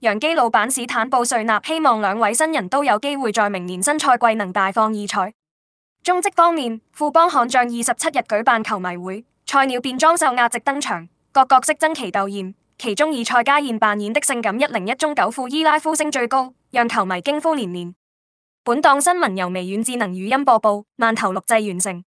洋基老闆史坦布瑞納希望兩位新人都有機會在明年新賽季能大放異彩。中職方面，富邦悍將二十七日舉辦球迷會，菜鳥變裝秀壓軸登場，各角色爭奇鬥豔，其中以蔡家燕扮演的性感一零一忠狗庫伊拉呼聲最高，讓球迷驚呼連連。本檔新聞由微軟智能語音播報，慢頭錄製完成。